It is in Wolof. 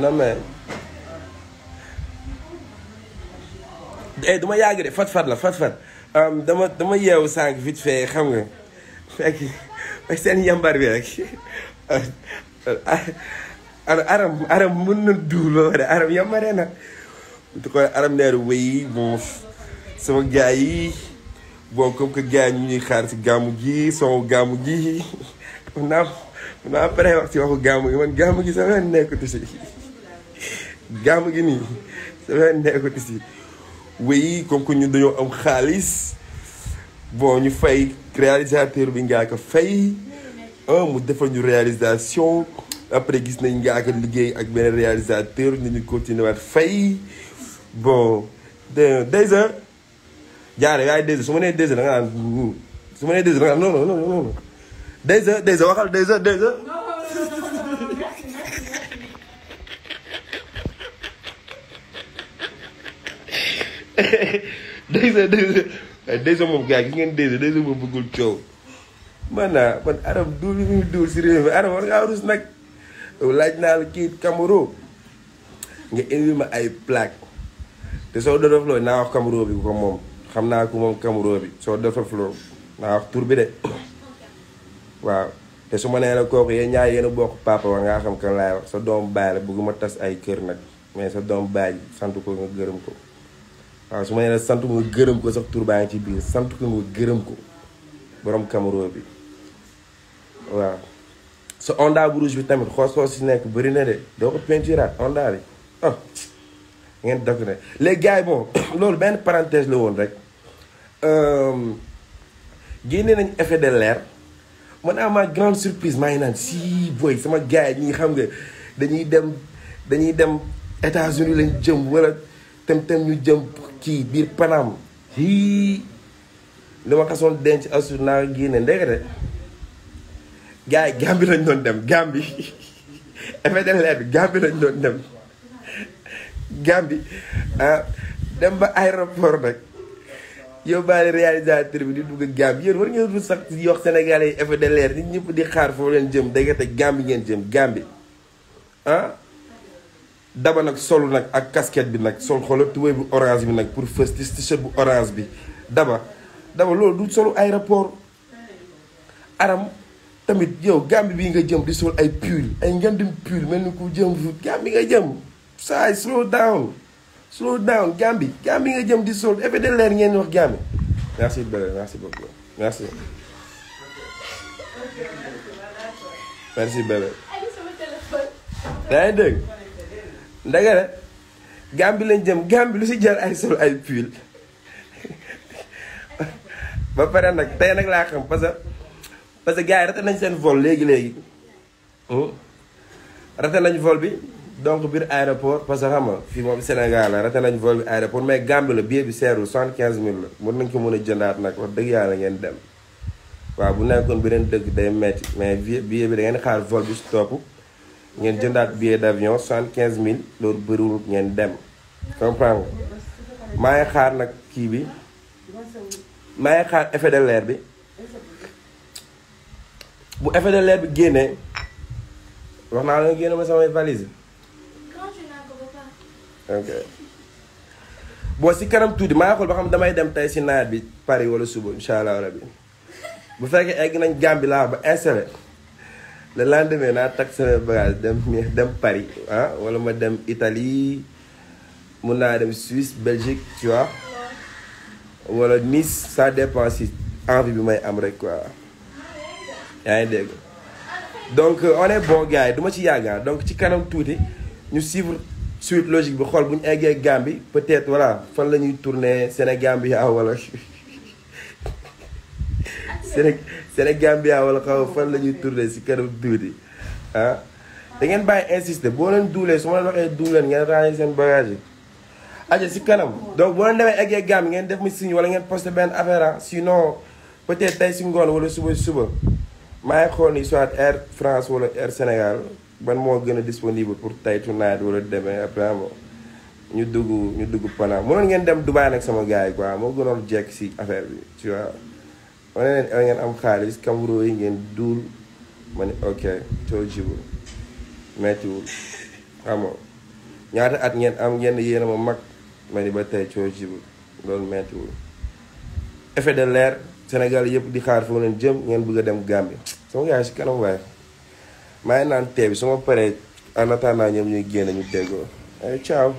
non mais eh du ma yàgg de fat-fat la fat-fat dama dama yeewu sànq vite fait xam nga fekk seen yambar bi aram aram mën na duul ba pare aram yambaree na du ko aram neeru wéy bon sama gars yi comme que gars ñu ñuy xaar si gi son gàmmu gi mun naa mun naa waxu gàmmu gi man gàmmu gi sama nekkatu si gàmm gi nii sama nekkut si wéy comme que ñu dañoo am xaalis boo ñu fay réalisateur bi ngaa ko fay mu defal ñu réalisation après gis nañ ngaa ko liggéey ak benn réalisateur nañu continuer waat fay bon déjà jaare yaay déjà su ma nee déjà da nga naan su ma nee des da nga naan non non non non déjà déjà waxal déjà déjà Dèjà Dèjà Dèjà moom gars gis ngeen Dèjà Dèjà moom bëggul coow man naa man Arame duul muy duul si réew mi Arame war ngaa rus nag laaj naa la kii Camaro nga indi ma ay plaque te soo doon defloo naa wax bi moom xam naa ko moom Camaro bi soo doon defloo naa wax tur bi de waaw te su ma nee la kooku yéen ñaar yéen a bokk papa wax ngaa xam kan laay wax sa doom baay la bëgguma tas ay kër nag mais sa doom baay sant ko nga gërëm ko. waaw su ma nee sant ko nga gërëm ko sax tur baa ngi ci biir sant ko nga gërëm ko borom Cameroun bi waaw sa onda bu rouge bi tamit xoos xoos si nekk bëri na de doo ko peinturaat onda bi ah ngeen les gars yi bon loolu benn parenthèse la woon rek génnee nañ effet de l'air man à ma grande surprise maa ngi naan si boy sama gars yi ñi xam nga dañuy dem dañuy dem États-Unis lañ jëm wala. tem tem ñu jëm kii biir Panam. hii li ma xasoon denc assur naa génne ndekete gars yi Gambie lañ doon dem Gambie effet de bi Gambie lañ doon dem Gambie ah, dem ba aéroport nag yóbbaale réalisateur bi di dugg Gambie yéen war ngeen dul sax yox Sénégalais yi effet de l'air nit ñëpp di xaar foofu leen jëm ndekete Gambie ngeen jëm Gambie ah. daba nag sol nag ak casquette bi nag sol xoolal tubéy bu orange bi nag pour fës t-shirt bu orange bi daba daba loolu du solu aéroport aram tamit yow Gàmbi bi nga jëm di sol ay pull ay ngandum pull mel ni ku jëm Gàmbi nga jëm saay slow down slow down Gàmbi Gàmbi nga jëm di sol effet de l'air ngeen wax Gàmbi merci beaucoup merci beaucoup merci merci bébé yaa ngi dégg ndege ne Gàmbi lañ jëm Gàmbi lu si jar ay sol ay pull ba pare nag tey nag laa xam parce que parce que gars yi rate nañ seen vol léegi léegi oh. rate nañ vol bi donc biir aéroport parce que xam nga fii moom Sénégal la rate nañ vol bi aéroport mais Gàmbi la billet bi seerul soixante quinze mille la mën nañ ko mën a jëndaat nag wax dëgg yàlla ngeen dem waaw bu nekk bi beneen dëgg day metti mais billet bi da ngeen xaar vol bi si topp ngeen jëndaat billet d'avion soixante quinze mille loolu bëriwul ngeen dem comprendre maa ngi xaar nag kii bi maa ngi xaar effet de l'air bi bu effet de l'air bi génnee wax naa la nga génne ma samay valise boo si kanam tuuti maa ngi xool ba xam damay dem tey si naar bi Paris wala suba incha allah rabi bu fekkee egg nañ Gambie laa ba installé. le lendemain naa takk sama bagage dem dem Paris ah wala ma dem itali mun naa dem Suisse Belgique tu vois wala Nice ça dépend si envie bi may am rek quoi yaa ngi dégg. donc euh, on est bon yi duma ci yàgg ah. donc ci kanam tuuti ñu suivre suite logique bi xool bu ñu eggee Gambie peut-être voilà fan la ñuy tourner Sénégal bi ah wala. Séné Sénégambia wala xaw fan la ñuy tourné si kanam tuuti ah da ngeen bàyyi insister boo leen duulee su ma leen waxee duul leen ngeen rangé seen bagage yi. si kanam donc boo leen demee eggee gàmm ngeen def ma signe wala ngeen posté benn affaire ah. sinon peut-être tey si ngoon wala suba suba maa ngi xool ni soit Air France wala Air Sénégal ban moo gën a disponible pour tey tonight wala demee après ñu dugg ñu dugg Pana mënoon ngeen dem Dubaï nag sama gars yi moo gënoon jekk si affaire bi tu ma ne leen ngeen am xaalis kamburoo yi ngeen duul ma ne ok coow jiwul méttiwul ñaata at ngeen am ngeen yéen a ma mag ma ni ba tey coow loolu méttiwul effet de l'air Sénégal yëpp di xaar foo leen jëm ngeen bëgg a dem Gambie sama yaay si kanam waaye maa ngi naan tee bi su ma paree en attendant ñuy génn ñu déggoo ay ciao.